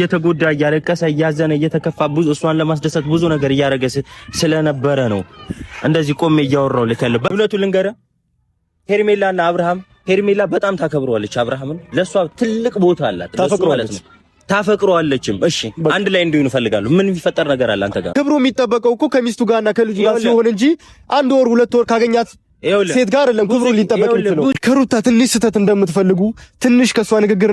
እየተጎዳ እያለቀሰ እያዘነ እየተከፋ ብዙ እሷን ለማስደሰት ብዙ ነገር እያደረገ ስለነበረ ነው እንደዚህ ቆሜ እያወራው ልክ ያለው ልንገረ ሄርሜላ ሄርሜላና አብርሃም ሄርሜላ በጣም ታከብረዋለች አብርሃምን ለእሷ ትልቅ ቦታ አላት ማለት ነው ታፈቅረዋለችም እሺ አንድ ላይ እንዲሆኑ ይፈልጋሉ ምን የሚፈጠር ነገር አለ አንተ ጋር ክብሩ የሚጠበቀው እኮ ከሚስቱ ጋርና ከልጁ ጋር ሲሆን እንጂ አንድ ወር ሁለት ወር ካገኛት ሴት ጋር አይደለም ክብሩ ሊጠበቅ ነው ከሩታ ትንሽ ስህተት እንደምትፈልጉ ትንሽ ከእሷ ንግግር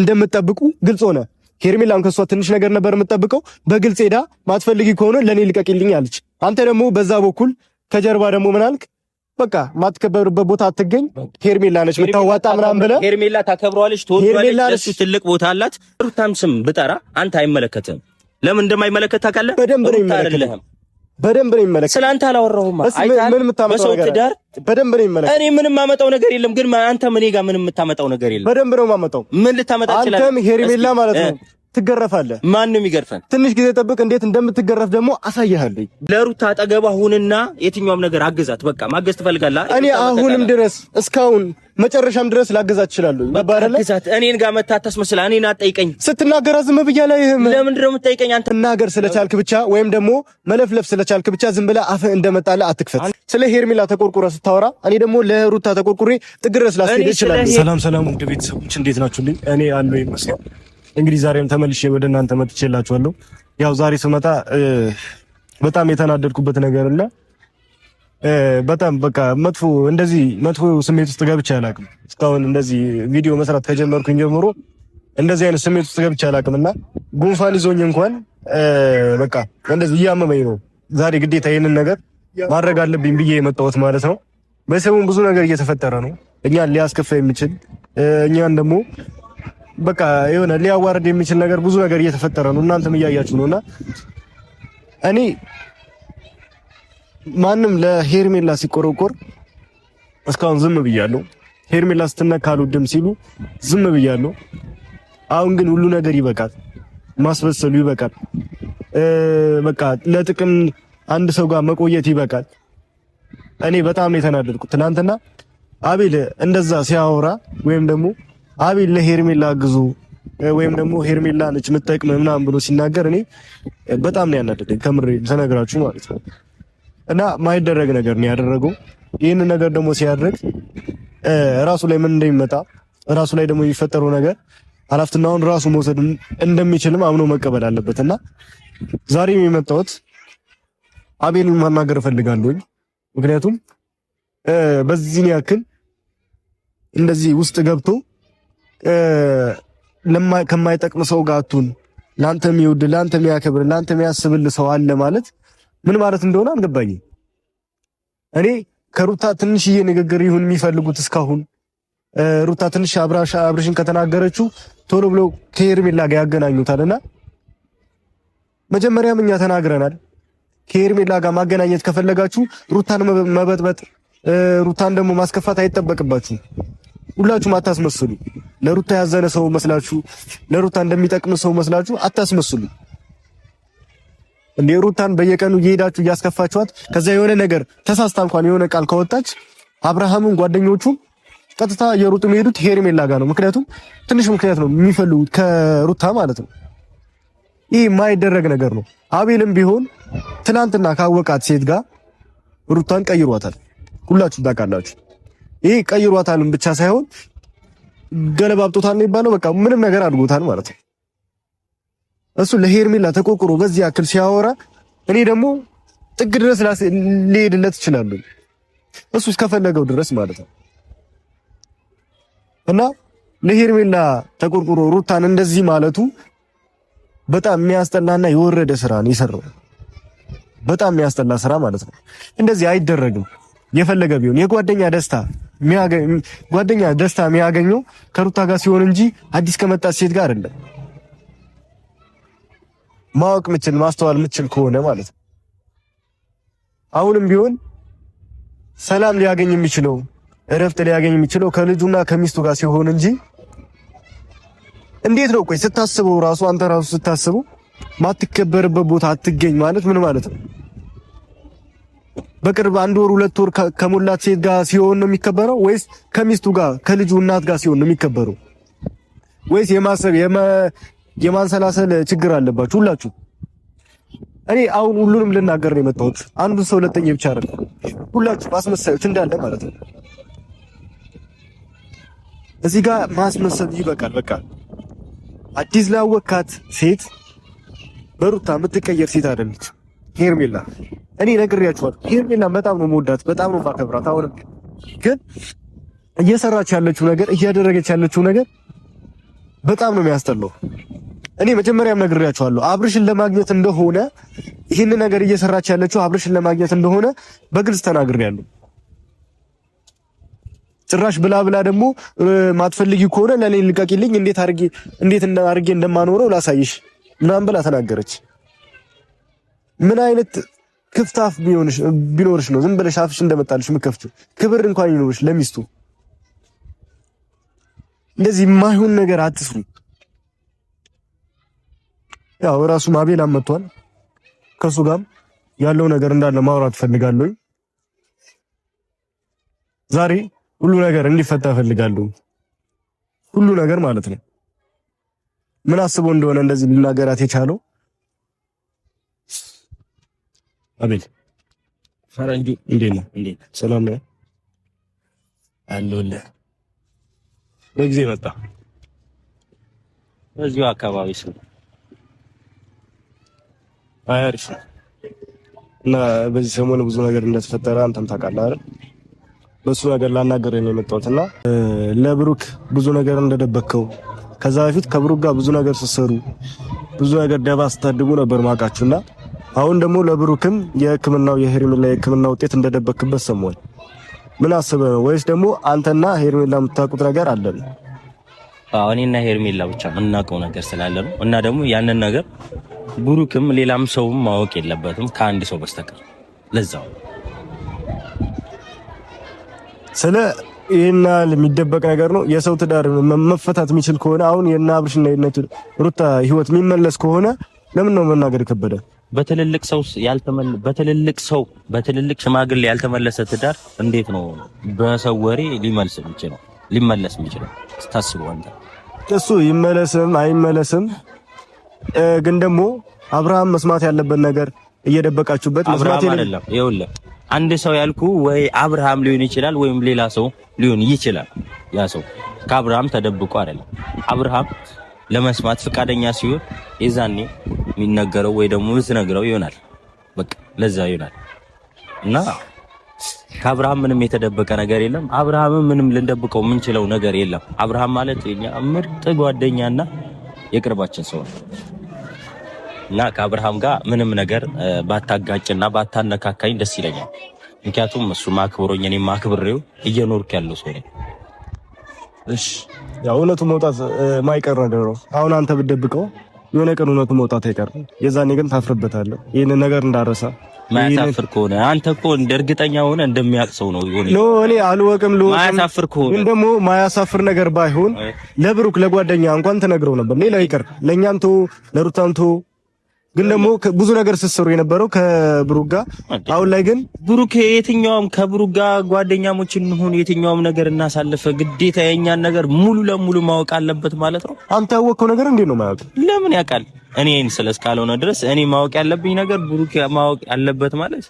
እንደምትጠብቁ ግልጽ ሆነ ሄርሜላን ከሷ ትንሽ ነገር ነበር የምጠብቀው። በግልጽ ሄዳ ማትፈልጊ ከሆነ ለእኔ ልቀቂልኝ አለች። አንተ ደግሞ በዛ በኩል ከጀርባ ደግሞ ምናልክ? በቃ ማትከበርበት ቦታ አትገኝ፣ ሄርሜላ ነች ምታዋጣ ምናምን ብለህ ሄርሜላ ታከብረዋለች፣ ትወደዋለች፣ ትልቅ ቦታ አላት። ሩታም ስም ብጠራ አንተ አይመለከትም። ለምን እንደማይመለከት ታውቃለህ? በደንብ ነው የሚመለከት በደንብ ነው የሚመለከት። ስለ አንተ አላወራሁም። ምን ነገር ትዳር በደንብ ነው የሚመለከት። እኔ ምንም የማመጣው ነገር የለም፣ ግን አንተም ምን ጋር ምንም የምታመጣው ነገር የለም። በደንብ ነው የማመጣው። ምን ልታመጣ ትችላለህ? አንተም ሄርሜላ ማለት ነው ትገረፋለህ። ማን ነው የሚገርፈን? ትንሽ ጊዜ ጠብቅ፣ እንዴት እንደምትገረፍ ደግሞ አሳያለሁ። ለሩታ አጠገብ አሁንና የትኛውም ነገር አገዛት። በቃ ማገዝ ትፈልጋለህ? እኔ አሁንም ድረስ እስካሁን መጨረሻም ድረስ ላገዛት እችላለሁ። ይባላል አገዛት። እኔን ጋር መታተስ መስላ እኔን አጠይቀኝ። ስትናገር ዝም ብያ ላይ ለምንድን ነው የምትጠይቀኝ? አንተ መናገር ስለቻልክ ብቻ ወይም ደግሞ መለፍለፍ ስለቻልክ ብቻ ዝም ብለህ አፍህ እንደመጣለ አትክፈት። ስለ ሄርሜላ ተቆርቁረ ስታወራ እኔ ደግሞ ለሩታ ተቆርቁሬ ጥግ ድረስ ላስሄድ እችላለሁ። ሰላም ሰላም፣ ውድ ቤተሰቦች እንዴት ናችሁ? እኔ አለሁ ይመስገን እንግዲህ ዛሬም ተመልሼ ወደ እናንተ መጥቼላችኋለሁ። ያው ዛሬ ስመጣ በጣም የተናደድኩበት ነገር እና በጣም በቃ መጥፎ እንደዚህ መጥፎ ስሜት ውስጥ ገብቼ አላቅም። እስካሁን እንደዚህ ቪዲዮ መስራት ከጀመርኩኝ ጀምሮ እንደዚህ አይነት ስሜት ውስጥ ገብቼ አላቅም እና ጉንፋን ይዞኝ እንኳን በቃ እንደዚህ እያመመኝ ነው። ዛሬ ግዴታ ይህንን ነገር ማድረግ አለብኝ ብዬ የመጣሁት ማለት ነው። በሰሙን ብዙ ነገር እየተፈጠረ ነው። እኛን ሊያስከፋ የሚችል እኛን ደግሞ በቃ የሆነ ሊያዋርድ የሚችል ነገር ብዙ ነገር እየተፈጠረ ነው። እናንተም እያያችሁ ነውና እኔ ማንም ለሄርሜላ ሲቆረቆር እስካሁን ዝም ብያለሁ። ሄርሜላ ስትነካ ድም ሲሉ ዝም ብያለሁ። አሁን ግን ሁሉ ነገር ይበቃል፣ ማስበሰሉ ይበቃል። በቃ ለጥቅም አንድ ሰው ጋር መቆየት ይበቃል። እኔ በጣም የተናደድኩት ትናንትና አቤል እንደዛ ሲያወራ ወይም ደግሞ አቤል ለሄርሜላ ግዙ ወይም ደግሞ ሄርሜላ ነች የምትጠቅም ምናምን ብሎ ሲናገር እኔ በጣም ነው ያናደደኝ። ከምሬ ተነግራችሁ ማለት ነው። እና ማይደረግ ነገር ነው ያደረገው። ይህንን ነገር ደግሞ ሲያደርግ ራሱ ላይ ምን እንደሚመጣ ራሱ ላይ ደግሞ የሚፈጠረው ነገር ኃላፊነቱን ራሱ መውሰድ እንደሚችልም አምኖ መቀበል አለበት እና ዛሬ የመጣሁት አቤልን ማናገር እፈልጋለሁኝ። ምክንያቱም በዚህን ያክል እንደዚህ ውስጥ ገብቶ ከማይጠቅም ሰው ጋር አትሁን። ለአንተ የሚወድ ለአንተ የሚያከብር ለአንተ የሚያስብል ሰው አለ ማለት ምን ማለት እንደሆነ አንገባኝ እኔ ከሩታ ትንሽዬ ንግግር ይሁን የሚፈልጉት እስካሁን ሩታ ትንሽ አብርሽን ከተናገረችው ቶሎ ብሎ ከሄርሜላ ጋር ያገናኙታልና መጀመሪያም እኛ ተናግረናል። ከሄርሜላ ጋር ማገናኘት ከፈለጋችሁ ሩታን መበጥበጥ ሩታን ደግሞ ማስከፋት አይጠበቅባችሁም። ሁላችሁም አታስመስሉ። ለሩታ ያዘነ ሰው መስላችሁ፣ ለሩታ እንደሚጠቅም ሰው መስላችሁ አታስመስሉ። እንዴ ሩታን በየቀኑ እየሄዳችሁ እያስከፋችኋት፣ ከዛ የሆነ ነገር ተሳስታ እንኳን የሆነ ቃል ከወጣች አብርሃምም ጓደኞቹም ቀጥታ የሩጡ የሚሄዱት ሄርሜላ ጋር ነው። ምክንያቱም ትንሽ ምክንያት ነው የሚፈልጉት ከሩታ ማለት ነው። ይህ የማይደረግ ነገር ነው። አቤልም ቢሆን ትናንትና ካወቃት ሴት ጋር ሩታን ቀይሯታል። ሁላችሁ ታውቃላችሁ። ይሄ ቀይሯታልም ብቻ ሳይሆን ገለባብጦታል ነው የሚባለው። በቃ ምንም ነገር አድርጎታል ማለት ነው። እሱ ለሄርሜላ ተቆርቁሮ በዚህ ያክል ሲያወራ እኔ ደግሞ ጥግ ድረስ ሊሄድለት እችላለሁ። እሱ እስከፈለገው ድረስ ማለት ነው እና ለሄርሜላ ተቆርቁሮ ሩታን እንደዚህ ማለቱ በጣም የሚያስጠላና የወረደ ስራ ነው የሰራው። በጣም የሚያስጠላ ስራ ማለት ነው። እንደዚህ አይደረግም። የፈለገ ቢሆን የጓደኛ ደስታ ጓደኛ ደስታ የሚያገኘው ከሩታ ጋር ሲሆን እንጂ አዲስ ከመጣች ሴት ጋር አይደለም። ማወቅ ምችል ማስተዋል ምችል ከሆነ ማለት ነው። አሁንም ቢሆን ሰላም ሊያገኝ የሚችለው እረፍት ሊያገኝ የሚችለው ከልጁና ከሚስቱ ጋር ሲሆን እንጂ እንዴት ነው? ቆይ ስታስበው ራሱ አንተ ራሱ ስታስበው ማትከበርበት ቦታ አትገኝ ማለት ምን ማለት ነው? በቅርብ አንድ ወር ሁለት ወር ከሞላት ሴት ጋር ሲሆን ነው የሚከበረው ወይስ ከሚስቱ ጋር ከልጁ እናት ጋር ሲሆን ነው የሚከበረው? ወይስ የማሰብ የማንሰላሰል ችግር አለባችሁ ሁላችሁ? እኔ አሁን ሁሉንም ልናገር ነው የመጣሁት። አንዱን ሰው ለጠየ ብቻ አይደለም፣ ሁላችሁ ማስመሰሎች እንዳለ ማለት ነው። እዚህ ጋር ማስመሰል ይበቃል። በቃ አዲስ ላወካት ሴት በሩታ የምትቀየር ሴት አይደለች። ሄርሜላ እኔ ነግሬያችኋል። ሄርሜላ በጣም ነው መወዳት፣ በጣም ነው ማከብራት። አሁንም ግን እየሰራች ያለችው ነገር እያደረገች ያለችው ነገር በጣም ነው የሚያስጠላው። እኔ መጀመሪያም ነግሬያችኋለሁ አብርሽን ለማግኘት እንደሆነ ይህን ነገር እየሰራች ያለችው አብርሽን ለማግኘት እንደሆነ በግልጽ ተናግሬያለሁ። ጭራሽ ብላ ብላ ደግሞ ማትፈልጊ ከሆነ ለኔ ልቀቂልኝ፣ እንዴት አድርጌ እንዴት አድርጌ እንደማኖረው ላሳይሽ ምናምን ብላ ተናገረች። ምን አይነት ክፍታፍ ቢኖርሽ ነው ዝም ብለሽ አፍሽ እንደመጣልሽ የምከፍቱ? ክብር እንኳን ይኖርሽ ለሚስቱ። እንደዚህ የማይሆን ነገር አትስሩ። ያው ራሱ አቤላ መጥቷል። ከሱ ጋር ያለው ነገር እንዳለ ማውራት ፈልጋለሁ። ዛሬ ሁሉ ነገር እንዲፈታ ፈልጋለሁ። ሁሉ ነገር ማለት ነው። ምን አስቦ እንደሆነ እንደዚህ ሊናገራት የቻለው አቤት ፈረንጁ እንዴት ነው? እንዴት ሰላም ነው? አለሁልህ። በጊዜ መጣ። በዚሁ አካባቢ ስለ አሪፍ እና በዚህ ሰሞን ብዙ ነገር እንደተፈጠረ አንተም ታውቃለህ አይደል? በሱ ነገር ላናገር ነው የመጣሁት እና ለብሩክ ብዙ ነገር እንደደበከው ከዛ በፊት ከብሩክ ጋር ብዙ ነገር ስትሰሩ ብዙ ነገር ደባ ስታድጉ ነበር ማውቃችሁ እና አሁን ደግሞ ለብሩክም የህክምናው የሄርሜላ የህክምና ውጤት እንደደበክበት ሰሞን ምን አስበ ነው? ወይስ ደግሞ አንተና ሄርሜላ የምታውቁት ነገር አለ? አዎ እኔና ሄርሜላ ብቻ የምናውቀው ነገር ስላለ ነው። እና ደግሞ ያንን ነገር ብሩክም ሌላም ሰውም ማወቅ የለበትም ከአንድ ሰው በስተቀር ለዛው ስለ ይህና የሚደበቅ ነገር ነው። የሰው ትዳር መፈታት የሚችል ከሆነ አሁን የእነ አብርሽና የእነ ሩታ ህይወት የሚመለስ ከሆነ ለምን ነው መናገር ከበደ? በትልልቅ ሰው ያልተመለ በትልልቅ ሰው በትልልቅ ሽማግሌ ያልተመለሰ ትዳር እንዴት ነው በሰው ወሬ ሊመልስ የሚችለው? ሊመለስ የሚችለው ስታስበው አንተ እሱ ይመለስም አይመለስም፣ ግን ደግሞ አብርሃም መስማት ያለበት ነገር እየደበቃችሁበት መስማት አይደለም። ይኸውልህ አንድ ሰው ያልኩ ወይ አብርሃም ሊሆን ይችላል ወይም ሌላ ሰው ሊሆን ይችላል። ያ ሰው ከአብርሃም ተደብቆ አይደለም አብርሃም ለመስማት ፈቃደኛ ሲሆን የዛኔ የሚነገረው ወይ ደግሞ ምትነግረው ይሆናል። በቃ ለዛ ይሆናል እና ከአብርሃም ምንም የተደበቀ ነገር የለም። አብርሃም ምንም ልንደብቀው የምንችለው ነገር የለም። አብርሃም ማለት የኛ ምርጥ ጓደኛና የቅርባችን ሰው ነው እና ከአብርሃም ጋር ምንም ነገር ባታጋጭና ባታነካካኝ ደስ ይለኛል። ምክንያቱም እሱ ማክብሮኝ እኔም ማክብሬው እየኖርክ ያለው ሰው ነኝ። እሺ ያው እውነቱ መውጣት ማይቀር ነገር ነው። አሁን አንተ ብደብቀው የሆነ ቀን እውነቱ መውጣት አይቀር። የዛኔ ግን ታፍርበታለህ። ይህን ነገር እንዳረሳ ማያሳፍር ከሆነ አንተ እኮ እንደ እርግጠኛ ሆነ እንደሚያቅሰው ነው ይሆነ እኔ አልወቅም ሎ ማያሳፍር ከሆነ ግን ደግሞ ማያሳፍር ነገር ባይሆን ለብሩክ ለጓደኛ እንኳን ተነግረው ነበር። ሌላ ይቀር ለእኛንቶ ለሩታንቶ ግን ደግሞ ብዙ ነገር ስትሰሩ የነበረው ከብሩክ ጋር አሁን ላይ ግን ብሩክ የትኛውም ከብሩክ ጋር ጓደኛሞች እንሆን የትኛውም ነገር እናሳልፈ ግዴታ የኛን ነገር ሙሉ ለሙሉ ማወቅ አለበት ማለት ነው። አንተ ያወቅከው ነገር እንዴት ነው ማወቅ? ለምን ያውቃል? እኔን ስለስካልሆነ ድረስ እኔ ማወቅ ያለብኝ ነገር ብሩክ ማወቅ አለበት ማለት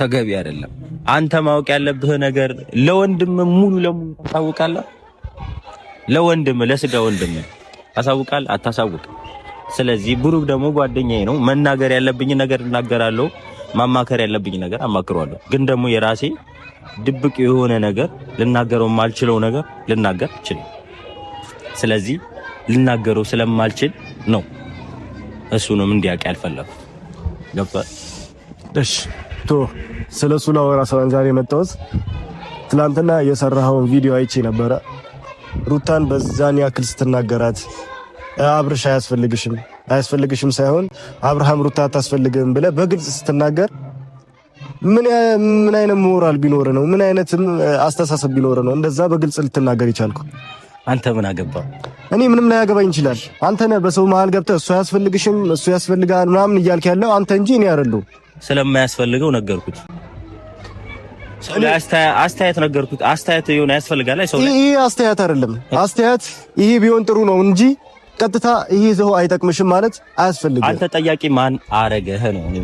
ተገቢ አይደለም። አንተ ማወቅ ያለብህ ነገር ለወንድም ሙሉ ለሙሉ ታሳውቃለህ። ለወንድም ለስጋ ወንድም ታሳውቃለህ አታሳውቅ ስለዚህ ብሩክ ደግሞ ጓደኛዬ ነው። መናገር ያለብኝ ነገር እናገራለሁ፣ ማማከር ያለብኝ ነገር አማክሯለሁ። ግን ደግሞ የራሴ ድብቅ የሆነ ነገር ልናገረው የማልችለው ነገር ልናገር ይችላል። ስለዚህ ልናገረው ስለማልችል ነው እሱንም እንዲያውቅ ያልፈለኩ ገብቷል። እሺ ቶ ስለ እሱ ላወራ ስራን ዛሬ መጣሁት። ትናንትና የሰራኸውን ቪዲዮ አይቼ ነበረ ሩታን በዛን ያክል ስትናገራት አብርሽ አያስፈልግሽም አያስፈልግሽም ሳይሆን አብርሃም ሩታ አታስፈልግም ብለህ በግልጽ ስትናገር ምን ምን አይነት ሞራል ቢኖር ነው? ምን አይነት አስተሳሰብ ቢኖር ነው እንደዛ በግልጽ ልትናገር ይቻልኩ? አንተ ምን አገባ? እኔ ምንም ላያገባኝ ይችላል። አንተ ነህ በሰው መሀል ገብተህ እሱ አያስፈልግሽም እሱ ያስፈልጋል ምናምን እያልክ ያለው አንተ እንጂ እኔ አይደለሁም። ስለማያስፈልገው ነገርኩት። አስተያየት ነገርኩት። አስተያየት የሆነ ያስፈልጋል። ይሄ አስተያየት አይደለም። አስተያየት ይሄ ቢሆን ጥሩ ነው እንጂ ቀጥታ ይዘው አይጠቅምሽም ማለት አያስፈልግም። አንተ ጠያቂ ማን አረገህ ነው እኔ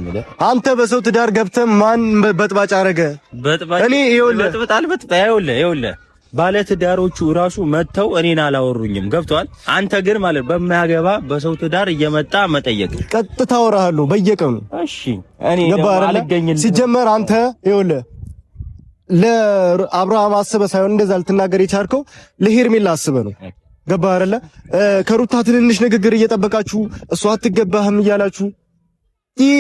አንተ በሰው ትዳር ገብተህ ማን በጥባጭ አረገ? በጥባጭ እኔ ይኸውልህ በጥባጭ ባለ ትዳሮቹ ራሱ መጥተው እኔን አላወሩኝም። ገብቷል። አንተ ግን ማለት በማያገባ በሰው ትዳር እየመጣ መጠየቅ ቀጥታ አወራሃለሁ በየቀኑ እሺ። እኔ ሲጀመር አንተ ይኸውልህ ለአብርሃም አስበህ ሳይሆን እንደዛ ልትናገር የቻልከው ለሄርሜላ አስበህ ነው። ገባ አይደለ? ከሩታ ትንንሽ ንግግር እየጠበቃችሁ እሷ አትገባህም እያላችሁ ይህ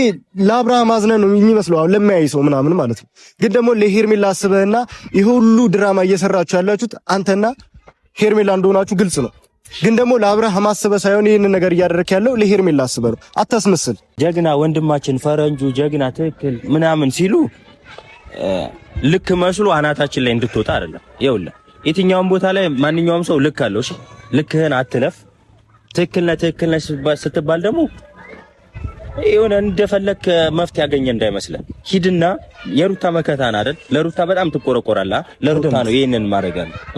ለአብርሃም አዝነ ነው የሚመስለው ለሚያይ ሰው ምናምን ማለት ነው። ግን ደግሞ ለሄርሜላ አስበህና ይህ ሁሉ ድራማ እየሰራችሁ ያላችሁት አንተና ሄርሜላ እንደሆናችሁ ግልጽ ነው። ግን ደግሞ ለአብርሃም አስበህ ሳይሆን ይህንን ነገር እያደረክ ያለው ለሄርሜላ አስበህ ነው። አታስመስል። ጀግና ወንድማችን ፈረንጁ ጀግና ትክክል ምናምን ሲሉ ልክ መስሎ አናታችን ላይ እንድትወጣ አይደለም። ይኸውልህ የትኛውም ቦታ ላይ ማንኛውም ሰው ልክ አለው። ልክህን አትለፍ። ትክክልነ ትክክልነ ስትባል ደግሞ የሆነ እንደፈለክ መፍትሄ ያገኘ እንዳይመስለን። ሂድና የሩታ መከታን አይደል ለሩታ በጣም ትቆረቆራላ። ለሩታ ነው ይህንን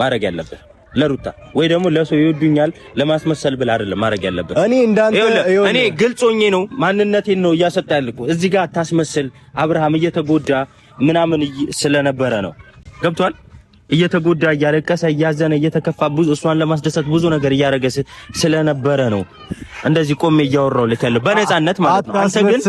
ማድረግ ያለብህ ለሩታ ወይ ደግሞ ለሰው ይወዱኛል ለማስመሰል ብል አይደለም ማድረግ ያለበት። እኔ እንዳንተ እኔ ግልጽ ሆኜ ነው ማንነቴን ነው እያሰጣ ያልኩ። እዚህ ጋር አታስመስል። አብርሃም እየተጎዳ ምናምን ስለነበረ ነው ገብቷል። እየተጎዳ እያለቀሰ እያዘነ እየተከፋ ብዙ እሷን ለማስደሰት ብዙ ነገር እያደረገ ስለነበረ ነው እንደዚህ ቆሜ እያወራው ልክ ያለው በነፃነት ማለት ነው። አንተ ግን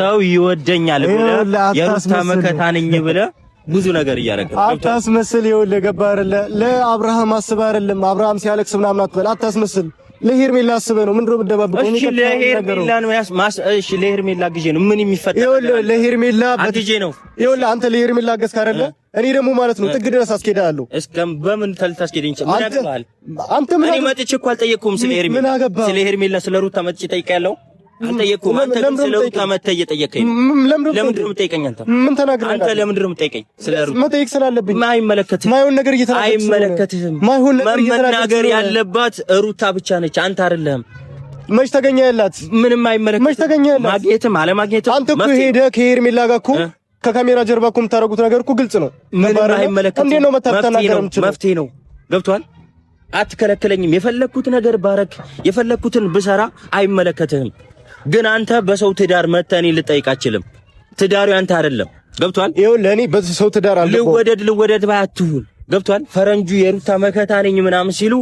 ሰው ይወደኛል ብለህ የሩታ መከታ ነኝ ብለህ ብዙ ነገር እያደረገ አታስመስል። ይኸውልህ ገባ አይደለ ለአብርሃም አስብ አይደለም አብርሃም ሲያለቅስ ምናምን አትበል፣ አታስመስል ለሄርሜላ አስበህ ነው? ምንድን ነው የምትደባብቀው? እሺ ለሄርሜላ ነው ያስ ማስ እሺ ለሄርሜላ ግዜ ነው ምን የሚፈጠር ይኸውልህ፣ ለሄርሜላ ግዜ ነው ይኸውልህ። አንተ ለሄርሜላ ገዝክ አይደለ? እኔ ደግሞ ማለት ነው ጥግ ድረስ አስኬድሃለሁ። እስከም በምን ታስኬደኝ? ምን አገባህ አንተ? ምን እኔ መጥቼ እኮ አልጠየቅኩም ስለ ሄርሜላ ስለ ሄርሜላ ስለ ሩታ መጥቼ ጠይቄያለሁ አልጠየቅኩም። አንተ ግን ስለ ሩታ መተህ እየጠየቀኝ ነው። ለምንድን ነው የምጠይቀኝ? አንተ ምን ተናግረህ? አንተ ለምንድን ነው የምጠይቀኝ? ስለ ሩታ መጠየቅ ስላለብኝ አይመለከትህም። ማይሆን ነገር እየተናገርክ አይመለከትህም። ማይሆን ነገር እየተናገርክ መናገር ያለባት ሩታ ብቻ ነች፣ አንተ አይደለህም። መች ተገኘ ያላት ምንም አይመለከትህም። መች ተገኘ ያላት ማግኘትም አለማግኘትም አንተ እኮ ሄደህ ከሄርሜላ ጋር እኮ ከካሜራ ጀርባ እኮ የምታደርጉት ነገር እኮ ግልጽ ነው። ምንም አይመለከትህም። እንዴት ነው መታተና ነገር የምችለው? መፍትሄ ነው። ገብቷል አትከለክለኝም። የፈለግኩት ነገር ባረክ፣ የፈለግኩትን ብሰራ አይመለከትህም። ግን አንተ በሰው ትዳር መተኔ ልጠይቅ አችልም። ትዳሩ ያንተ አይደለም። ገብቷል? ይሄው ለኔ በሰው ትዳር አለ ልወደድ ልወደድ ባትሁን ገብቷል? ፈረንጁ የሩታ መከታ ነኝ ምናምን ሲሉ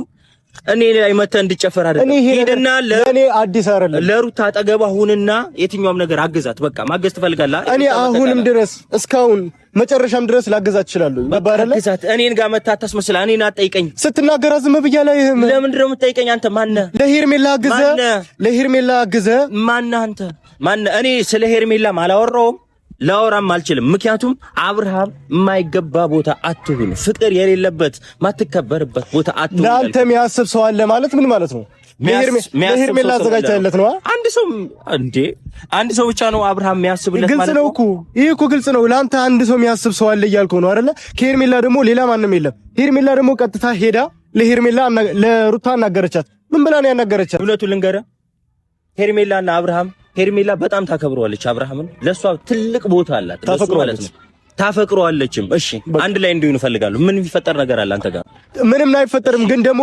እኔ ላይ መተህ እንድጨፈር አይደለም። ሂድና ለእኔ አዲስ አይደለም ለሩት አጠገብ አሁንና የትኛውም ነገር አግዛት። በቃ ማገዝ ትፈልጋለህ? እኔ አሁንም ድረስ እስካሁን መጨረሻም ድረስ ላገዛት እችላለሁ። ባባረለ አግዛት። እኔን ጋር መተህ አታስመስል። እኔን አትጠይቀኝ። ስትናገራ ዝም ብያ ላይ ለምንድን ነው የምትጠይቀኝ? አንተ ማነህ? ለሄርሜላ አግዘህ ለሄርሜላ አግዘህ ማነህ? አንተ ማነህ? እኔ ስለ ሄርሜላም አላወራሁም ላወራም አልችልም። ምክንያቱም አብርሃም የማይገባ ቦታ አትሁን፣ ፍቅር የሌለበት ማትከበርበት ቦታ አትሁን። ለአንተ የሚያስብ ሰው አለ ማለት ምን ማለት ነው? ሄርሜላ አዘጋጅታለት ነው። አንድ ሰው እንዴ አንድ ሰው ብቻ ነው አብርሃም የሚያስብለት ማለት ነው። ግልጽ ነው እኮ ይህ እኮ ግልጽ ነው። ለአንተ አንድ ሰው የሚያስብ ሰው አለ እያልከው ነው አይደለ? ከሄርሜላ ደግሞ ሌላ ማንም የለም። ሄርሜላ ደግሞ ቀጥታ ሄዳ ለሄርሜላ ለሩታ አናገረቻት። ምን ብላ ነው ያናገረቻት? ሁለቱ ልንገረ ሄርሜላና አብርሃም ሄርሜላ በጣም ታከብረዋለች አብርሃምን። ለእሷ ትልቅ ቦታ አላት፣ ማለት ነው ታፈቅሯለችም እሺ አንድ ላይ እንዲሆኑ እፈልጋለሁ። ምን የሚፈጠር ነገር አለ አንተ ጋር? ምንም አይፈጠርም። ግን ደግሞ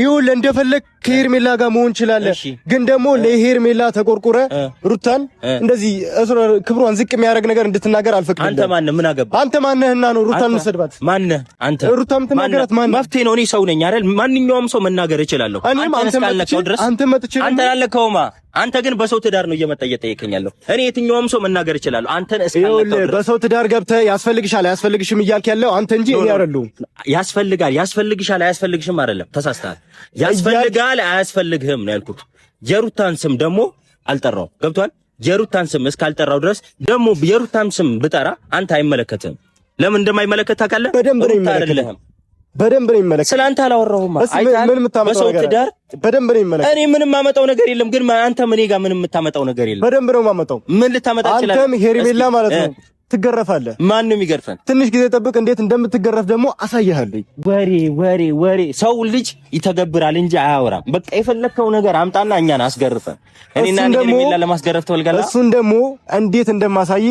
ይኸውልህ እንደፈለግ ከሄርሜላ ጋር መሆን ይችላለ። ግን ደግሞ ለሄርሜላ ተቆርቁረ ሩታን እንደዚህ ክብሯን ዝቅ የሚያደርግ ነገር እንድትናገር አልፈቅድም። አንተ ማነህ? ምን አገባህ? አንተ ማነህና ነው ሩታን የምትሰድባት? ማነህ አንተ? ሩታን የምትናገራት ማነህ? መፍትሄ ነው። እኔ ሰው ነኝ አይደል? ማንኛውም ሰው መናገር እችላለሁ። አንተ መጥቼ አንተ አንተ ላለከውማ አንተ ግን በሰው ትዳር ነው እየመጣ እየጠየቀኝ እኔ የትኛውም ሰው መናገር እችላለሁ። አንተን እስካለሁ በሰው ትዳር ገብተህ ያስፈልግሻል አያስፈልግሽም እያልክ ያለው አንተ እንጂ እኔ አይደለሁም። ያስፈልጋል ያስፈልግሻል አያስፈልግሽም አይደለም፣ ተሳስተሃል። ያስፈልጋል አያስፈልግህም ነው ያልኩት። የሩታን ስም ደግሞ አልጠራው ገብቷል። የሩታን ስም እስካልጠራው ድረስ ደግሞ የሩታን ስም ብጠራ አንተ አይመለከትህም። ለምን እንደማይመለከት ታውቃለህ? በደንብ ነው በደንብ ነው የሚመለከት። ስላንተ አላወራሁም። በሰው ነገር በደንብ ነው የሚመለከት። እኔ ምንም የማመጣው ነገር የለም፣ ግን አንተ እኔ ጋር ምንም የምታመጣው ነገር የለም። በደንብ ነው የማመጣው። ምን ልታመጣ ይችላል? አንተም ሄርሜላ ማለት ነው ትገረፋለህ። ማንም ይገርፈን። ትንሽ ጊዜ ጠብቅ፣ እንዴት እንደምትገረፍ ደግሞ አሳያለሁ። ወሬ ወሬ ወሬ። ሰው ልጅ ይተገብራል እንጂ አያወራም። በቃ የፈለከው ነገር አምጣና እኛን አስገርፈን። እኔና ሄርሜላ ለማስገረፍ ተወልጋለህ። እሱን ደግሞ እንዴት እንደማሳይ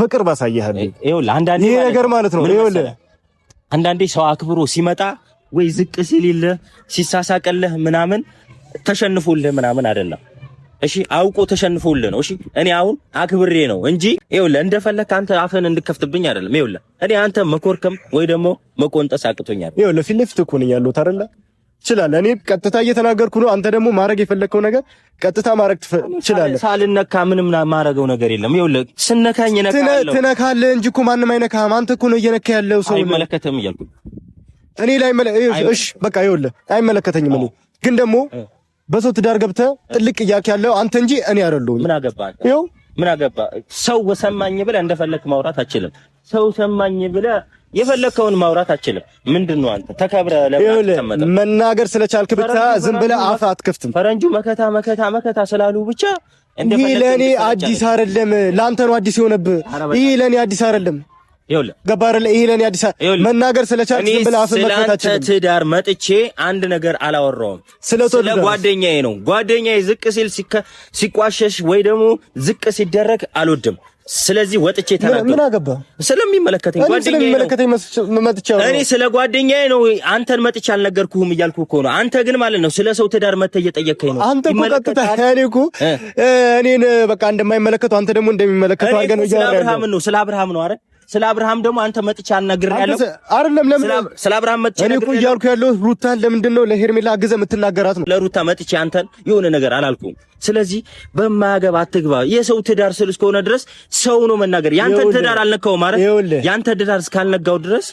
በቅርብ አሳያለሁ። ይሄ ነገር ማለት ነው አንዳንዴ ሰው አክብሮ ሲመጣ ወይ ዝቅ ሲልልህ ሲሳሳቅልህ ምናምን ተሸንፎልህ ምናምን አይደለም። እሺ አውቆ ተሸንፎልህ ነው። እሺ እኔ አሁን አክብሬ ነው እንጂ ይኸውልህ፣ እንደፈለክ አንተ አፍህን እንድከፍትብኝ አይደለም። ይኸውልህ እኔ አንተ መኮርከም ወይ ደግሞ መቆንጠስ አቅቶኛል። ይኸውልህ ፊት ለፊት እኮ ነኝ ያለሁት አይደለ ይችላል። እኔ ቀጥታ እየተናገርኩ ነው። አንተ ደግሞ ማድረግ የፈለግከው ነገር ቀጥታ ማድረግ ትችላለህ። ሳልነካ ምንም ማድረገው ነገር የለም። ይኸውልህ ስነካኝ እነካለሁ። ትነካለህ እንጂ እኮ ማንም አይነካህም። አንተ እኮ ነው እየነካ ያለው ሰው። አይመለከተም እያልኩ እኔ ላይ መለ እሺ፣ በቃ ይኸውልህ፣ አይመለከተኝም። እኔ ግን ደግሞ በሰው ትዳር ገብተህ ጥልቅ እያልክ ያለው አንተ እንጂ እኔ አይደለሁም። ምን አገባህ? ይኸው ምን አገባህ? ሰው ሰማኝ ብለህ እንደፈለክ ማውራት አችልም። ሰው ሰማኝ ብለህ የፈለከውን ማውራት አችልም። ምንድን ነው አንተ ተከብረ መናገር ስለቻልክ ብቻ ዝም ብለህ አፍ አትከፍትም። ፈረንጁ መከታ መከታ መከታ ስላሉ ብቻ ይህ ለእኔ አዲስ አይደለም። ለአንተ ነው አዲስ የሆነብህ። ይህ ለእኔ አዲስ አይደለም። ገባህ አይደለ? ይህ ለእኔ አዲስ መናገር ስለቻልክ ዝም ብለህ አፍ መክፈት አችልም። ትዳር መጥቼ አንድ ነገር አላወራውም። ስለ ጓደኛዬ ነው። ጓደኛዬ ዝቅ ሲል ሲቋሸሽ፣ ወይ ደግሞ ዝቅ ሲደረግ አልወድም። ስለዚህ ወጥቼ ተናገርኩ። ምን አገባ? ስለሚመለከተኝ ጓደኛዬ ነው። እኔ ስለ ጓደኛዬ ነው አንተን መጥቼ አልነገርኩህም እያልኩ እኮ ነው። አንተ ግን ማለት ነው ስለ ሰው ትዳር መተህ እየጠየቀኝ ነው። አንተ እኮ ቀጥታ እኔ እኮ እኔን በቃ እንደማይመለከተው አንተ ደግሞ እንደሚመለከተው አድርገህ ነው አብርሃም ነው። ስለ አብርሃም ነው አይደል? ስለ አብርሃም ደግሞ አንተ መጥቻ አናግር ያለው አይደለም። ለምን ስለ አብርሃም መጥቻ እኔ እኮ እያልኩ ያለው ሩታን ለምንድን ነው ለሄርሜላ አግዘ የምትናገራት ነው። ለሩታ መጥቻ አንተን የሆነ ነገር አላልኩም። ስለዚህ በማያገባ አትግባ። የሰው ትዳር ስል እስከሆነ ድረስ ሰው ነው መናገር። ያንተን ትዳር አልነካው ማለት ያንተ ትዳር እስካልነጋው ድረስ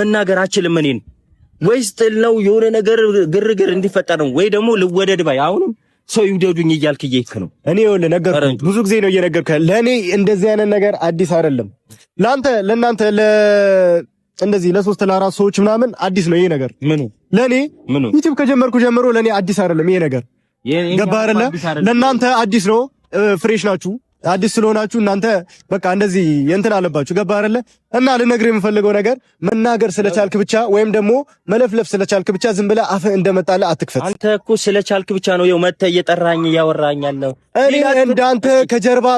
መናገር አችልም እኔን ወይስ ጥል ነው የሆነ ነገር ግርግር እንዲፈጠር ነው ወይ ደግሞ ልወደድ ባይ አሁንም ሰው ይውደዱኝ እያልክ እየሄድክ ነው። እኔ ይኸውልህ ነገርኩህ፣ ብዙ ጊዜ ነው እየነገርኩህ። ለእኔ እንደዚህ አይነት ነገር አዲስ አይደለም። ለአንተ ለእናንተ እንደዚህ ለሶስት ለአራት ሰዎች ምናምን አዲስ ነው ይሄ ነገር። ምኑ ለእኔ ምኑ ዩቲዩብ ከጀመርኩ ጀምሮ ለእኔ አዲስ አይደለም ይሄ ነገር። ገባህ አይደለ? ለእናንተ አዲስ ነው፣ ፍሬሽ ናችሁ አዲስ ስለሆናችሁ እናንተ በቃ እንደዚህ እንትን አለባችሁ። ገባ አይደለ? እና ልነግር የምፈልገው ነገር መናገር ስለቻልክ ብቻ ወይም ደግሞ መለፍለፍ ስለቻልክ ብቻ ዝም ብለህ አፍህ እንደመጣለ አትክፈት። አንተ እኮ ስለቻልክ ብቻ ነው ይኸው መተህ እየጠራኝ እያወራኝ ነው። እኔ እንዳንተ ከጀርባ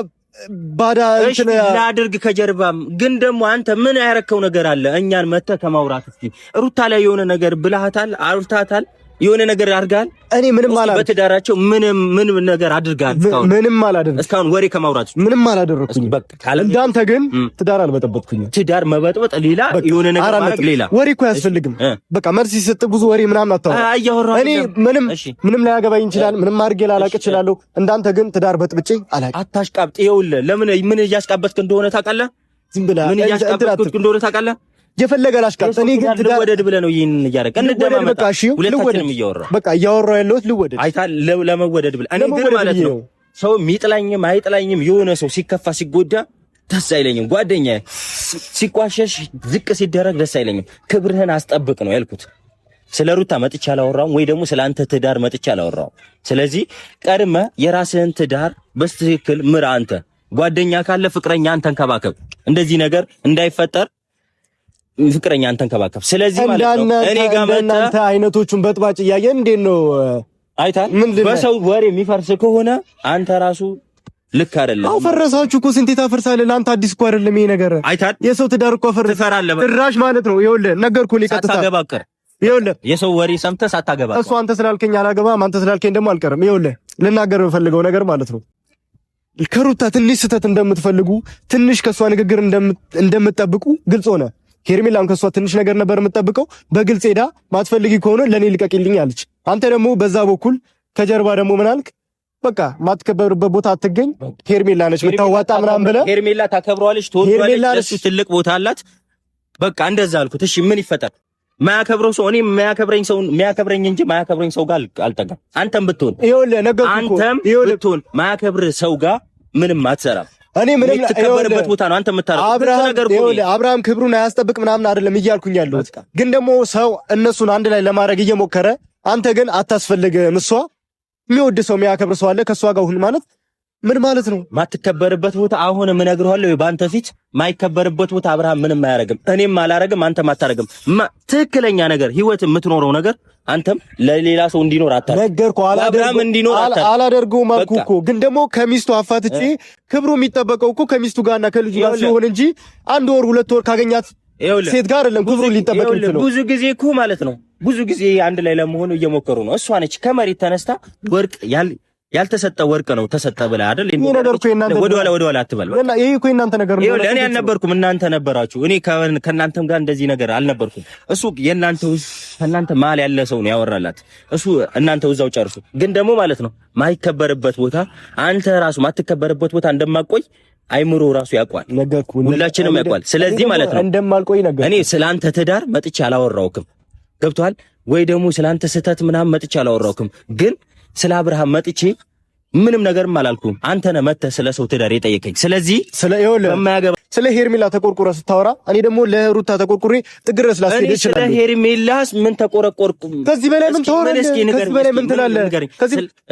ባዳ ላድርግ ከጀርባም ግን ደግሞ አንተ ምን ያረከው ነገር አለ? እኛን መተህ ከማውራት እስኪ ሩታ ላይ የሆነ ነገር ብልሃታል፣ አውርታታል የሆነ ነገር አድርጋል? እኔ ምንም አላ በትዳራቸው ምንም ምንም ነገር አድርጋል? ምንም አላደረኩም። እስካሁን ወሬ ከማውራት ምንም አላደረኩኝ። እንዳንተ ግን ትዳር አልበጠበጥኩኝ። ትዳር መበጥበጥ ሌላ፣ የሆነ ነገር ማድረግ ሌላ። ወሬ እኮ አያስፈልግም። በቃ መልስ ሲሰጥ ብዙ ወሬ ምናምን አታወራ። እኔ ምንም ምንም ላያገባኝ ይችላል። ምንም አድርጌ ላላቅ እችላለሁ። እንዳንተ ግን ትዳር በጥብጬ አላቅ። አታሽቃብጥ። ይኸውልህ ለምን ምን እያሽቃበትክ እንደሆነ ታውቃለህ? ዝም ብላ ምን እያሽቃበትክ እንደሆነ ታውቃለህ? የፈለገ ላሽቃል እኔ ግን ልወደድ ብለህ ነው ይሄን እያደረገ እንደማመጣ በቃ እሺ ሁለታችንም እያወራ በቃ እያወራሁ ያለሁት ልወደድ አይታል ለመወደድ ብለህ እኔ ግን ማለት ነው ሰው የሚጥላኝም አይጥላኝም የሆነ ሰው ሲከፋ ሲጎዳ ደስ አይለኝም። ጓደኛ ሲቋሸሽ ዝቅ ሲደረግ ደስ አይለኝም። ክብርህን አስጠብቅ ነው ያልኩት። ስለ ሩታ መጥቻ አላወራሁም፣ ወይ ደግሞ ስለ አንተ ትዳር መጥቻ አላወራሁም። ስለዚህ ቀድመ የራስህን ትዳር በስትክክል ምራ። አንተ ጓደኛ ካለ ፍቅረኛ አንተን ከባከብ እንደዚህ ነገር እንዳይፈጠር ፍቅረኛ አንተን አንተንከባከብ። ስለዚህ ማለት ነው እኔ ጋር መጣ አይነቶቹን በጥባጭ እያየን እንዴት ነው አይታል። በሰው ወሬ የሚፈርስ ከሆነ አንተ ራሱ ልክ አይደለም። አፈረሳችሁ እኮ ስንቴ ታፈርሳለህ? ለአንተ አዲስ እኮ አይደለም ይሄ ነገር። አይታል የሰው ትዳር እኮ አፈርስ ትፈራለህ ጭራሽ ማለት ነው። ይኸውልህ ነገርኩህ እኔ ቀጥታ ሳታገባቅር ይኸውልህ የሰው ወሬ ሰምተህ ሳታገባ እሱ አንተ ስላልከኝ አላገባም፣ አንተ ስላልከኝ ደግሞ አልቀርም። ይኸውልህ ልናገር የምፈልገው ነገር ማለት ነው ከሩታ ትንሽ ስህተት እንደምትፈልጉ ትንሽ ከእሷ ንግግር እንደምትጠብቁ ግልጽ ሆነ። ሄርሜላን ከሷ ትንሽ ነገር ነበር የምጠብቀው። በግልጽ ሄዳ ማትፈልጊ ከሆነ ለእኔ ልቀቂልኝ አለች። አንተ ደግሞ በዛ በኩል ከጀርባ ደግሞ ምናልክ በቃ ማትከበርበት ቦታ አትገኝ፣ ሄርሜላ ነች ምታዋጣ ምናምን ብለህ ሄርሜላ ታከብረዋለች፣ ትወደዋለች፣ ትልቅ ቦታ አላት። በቃ እንደዛ አልኩት። እሺ ምን ይፈጠር? ማያከብረው ሰው እኔ ማያከብረኝ ሰው ማያከብረኝ እንጂ ማያከብረኝ ሰው ጋር አልጠጋም። አንተም ብትሆን ይኸውልህ፣ ነገርኩህ አንተም ብትሆን ማያከብር ሰው ጋር ምንም አትሰራም። እኔ ምንም የተከበረበት ቦታ ነው። አንተ አብርሃም ክብሩን አያስጠብቅ ምናምን አይደለም እያልኩኝ ያለሁት ግን ደግሞ ሰው እነሱን አንድ ላይ ለማድረግ እየሞከረ አንተ ግን አታስፈልግም። እሷ የሚወድ ሰው የሚያከብር ሰው አለ ከእሷ ጋር ሁን ማለት ምን ማለት ነው? ማትከበርበት ቦታ አሁን ምን እነግርሃለሁ። በአንተ ፊት ማይከበርበት ቦታ አብርሃም ምንም አያረግም፣ እኔም አላረግም፣ አንተም አታረግም። ትክክለኛ ነገር ህይወት የምትኖረው ነገር አንተም ለሌላ ሰው እንዲኖር አታ ነገርኩ አላደርገውም እንዲኖር አታ አላደርገውም አልኩህ እኮ። ግን ደግሞ ከሚስቱ አፋትጪ ክብሩ የሚጠበቀው እኮ ከሚስቱ ጋርና ከልጁ ጋር ሲሆን እንጂ አንድ ወር ሁለት ወር ካገኛት ሴት ጋር አይደለም ክብሩ ሊጠበቅ ነው። ብዙ ጊዜ እኮ ማለት ነው ብዙ ጊዜ አንድ ላይ ለመሆን እየሞከሩ ነው። እሷ ነች ከመሬት ተነስታ ወርቅ ያል ያልተሰጠ ወርቅ ነው ተሰጠ ብለህ አይደል? ይሄ ነገር እኮ እናንተ ወደ ወደኋላ አትበል። ይሄ እኮ እናንተ ነገር ነው። እኔ አልነበርኩም፣ እናንተ ነበራችሁ። እኔ ከእናንተም ጋር እንደዚህ ነገር አልነበርኩም። እሱ የእናንተ ውስጥ ከእናንተ መሀል ያለ ሰው ነው ያወራላት። እሱ እናንተ እዛው ጨርሱ። ግን ደግሞ ማለት ነው ማይከበርበት ቦታ አንተ ራሱ ማትከበርበት ቦታ እንደማቆይ አይምሮ ራሱ ያውቋል፣ ሁላችንም ያውቋል። ስለዚህ ማለት ነው እንደማልቆይ ነገር እኔ ስለአንተ ትዳር መጥቼ አላወራውክም። ገብቷል ወይ? ደግሞ ስለአንተ ስህተት ምናምን መጥቼ አላወራውክም ግን ስለ አብርሃም መጥቼ ምንም ነገርም አላልኩም። አንተ ነህ መተህ ስለ ሰው ትዳር የጠየቀኝ። ስለዚህ ስለ ስለ ሄርሜላ ተቆርቆረ ስታወራ እኔ ደግሞ ለሩታ ተቆርቆሬ ጥግረ ስላስሄደ ይችላል። ስለ ሄርሜላስ ምን ተቆረቆርኩ? ከዚህ በላይ ምን ተወራ? ከዚህ በላይ ምን ትላለህ?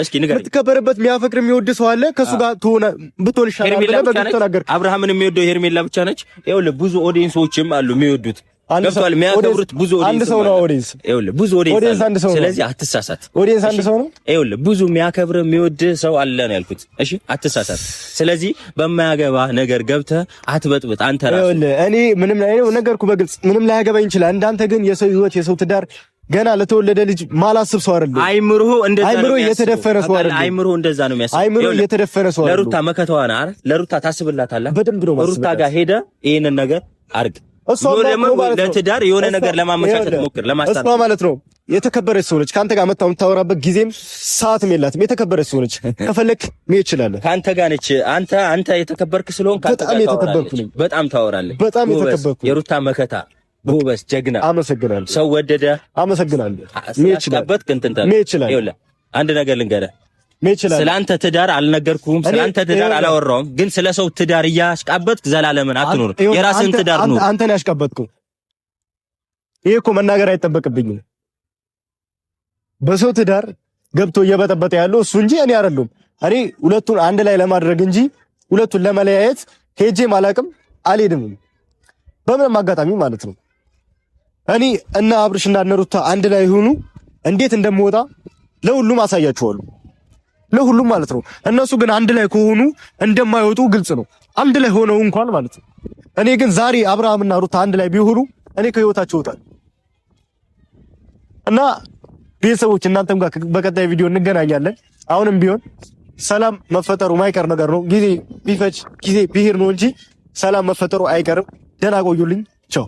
እስኪ ንገረኝ። የምትከበርበት የሚያፈቅር የሚወድ ሰው አለ። ከሱ ጋር ትሆነ ብትሆን ይሻላል ብለህ በግልጽ ተናገርክ። አብርሃምን የሚወደው ሄርሜላ ብቻ ነች። ይኸውልህ ብዙ ኦዲየንሶችም አሉ የሚወዱት ገብቷል። የሚያከብሩት ብዙ ነው። ኦዲየንስ ይኸውልህ፣ ብዙ ኦዲየንስ አንድ ሰው ነው። ስለዚህ አትሳሳት። ኦዲየንስ አንድ ሰው ነው። ይኸውልህ፣ ብዙ የሚያከብር የሚወድ ሰው አለ ነው ያልኩት። እሺ፣ አትሳሳት። ስለዚህ በማያገባ ነገር ገብተህ አትበጥብጥ። አንተ ራስህ ይኸውልህ፣ እኔ ምንም ላይ በግልጽ ምንም ይችላል። እንዳንተ ግን የሰው ህይወት የሰው ትዳር ገና ለተወለደ ልጅ ማላስብ ሰው አይደለም። አይምሮ የተደፈረ ሰው አይደለም። አይምሮ እንደዛ ነው የሚያስብ። አይምሮ የተደፈረ ሰው አይደለም። ለሩታ መከተዋና አይደል? ለሩታ ታስብላታለህ። በደንብ ነው ሩታ ጋር ሄደ ይሄንን ነገር አርግ ለትዳር የሆነ ነገር ለማመቻቸት ሞክር ለማስታረቅ እሷ ማለት ነው የተከበረች ሰው ነች። ከአንተ ጋር መጣ የምታወራበት ጊዜም ሰዓትም የላትም። የተከበረች ሰው ነች። ከፈለክ መሄድ ትችላለህ። ከአንተ ጋር ነች። አንተ አንተ የተከበርክ ስለሆንክ በጣም የተከበርኩ ነኝ። በጣም ታወራለች። በጣም የተከበርኩ የሩታ መከታ ጎበዝ፣ ጀግና። አመሰግናለሁ። ሰው ወደደ። አመሰግናለሁ። መሄድ ይችላል። አንድ ነገር ልንገርህ ስለአንተ ትዳር አልነገርኩም፣ ስለአንተ ትዳር አላወራውም። ግን ስለ ሰው ትዳር እያሽቃበጥክ ዘላለምን አትኑር። የራስን ትዳር ነው። አንተን ያሽቃበጥኩ ይሄ እኮ መናገር አይጠበቅብኝም። በሰው ትዳር ገብቶ እየበጠበጠ ያለው እሱ እንጂ እኔ አይደለሁም። እኔ ሁለቱን አንድ ላይ ለማድረግ እንጂ ሁለቱን ለመለያየት ሄጄም አላቅም፣ አልሄድም በምንም አጋጣሚ ማለት ነው። እኔ እና አብርሽ እንዳነሩታ አንድ ላይ ሆኑ እንዴት እንደምወጣ ለሁሉም አሳያችኋለሁ። ለሁሉም ማለት ነው። እነሱ ግን አንድ ላይ ከሆኑ እንደማይወጡ ግልጽ ነው። አንድ ላይ ሆነው እንኳን ማለት ነው። እኔ ግን ዛሬ አብርሃምና ሩታ አንድ ላይ ቢሆኑ እኔ ከህይወታቸው እወጣለሁ እና ቤተሰቦች እናንተም ጋር በቀጣይ ቪዲዮ እንገናኛለን። አሁንም ቢሆን ሰላም መፈጠሩ ማይቀር ነገር ነው። ጊዜ ቢፈጅ ጊዜ ቢሄድ ነው እንጂ ሰላም መፈጠሩ አይቀርም። ደህና ቆዩልኝ። ቻው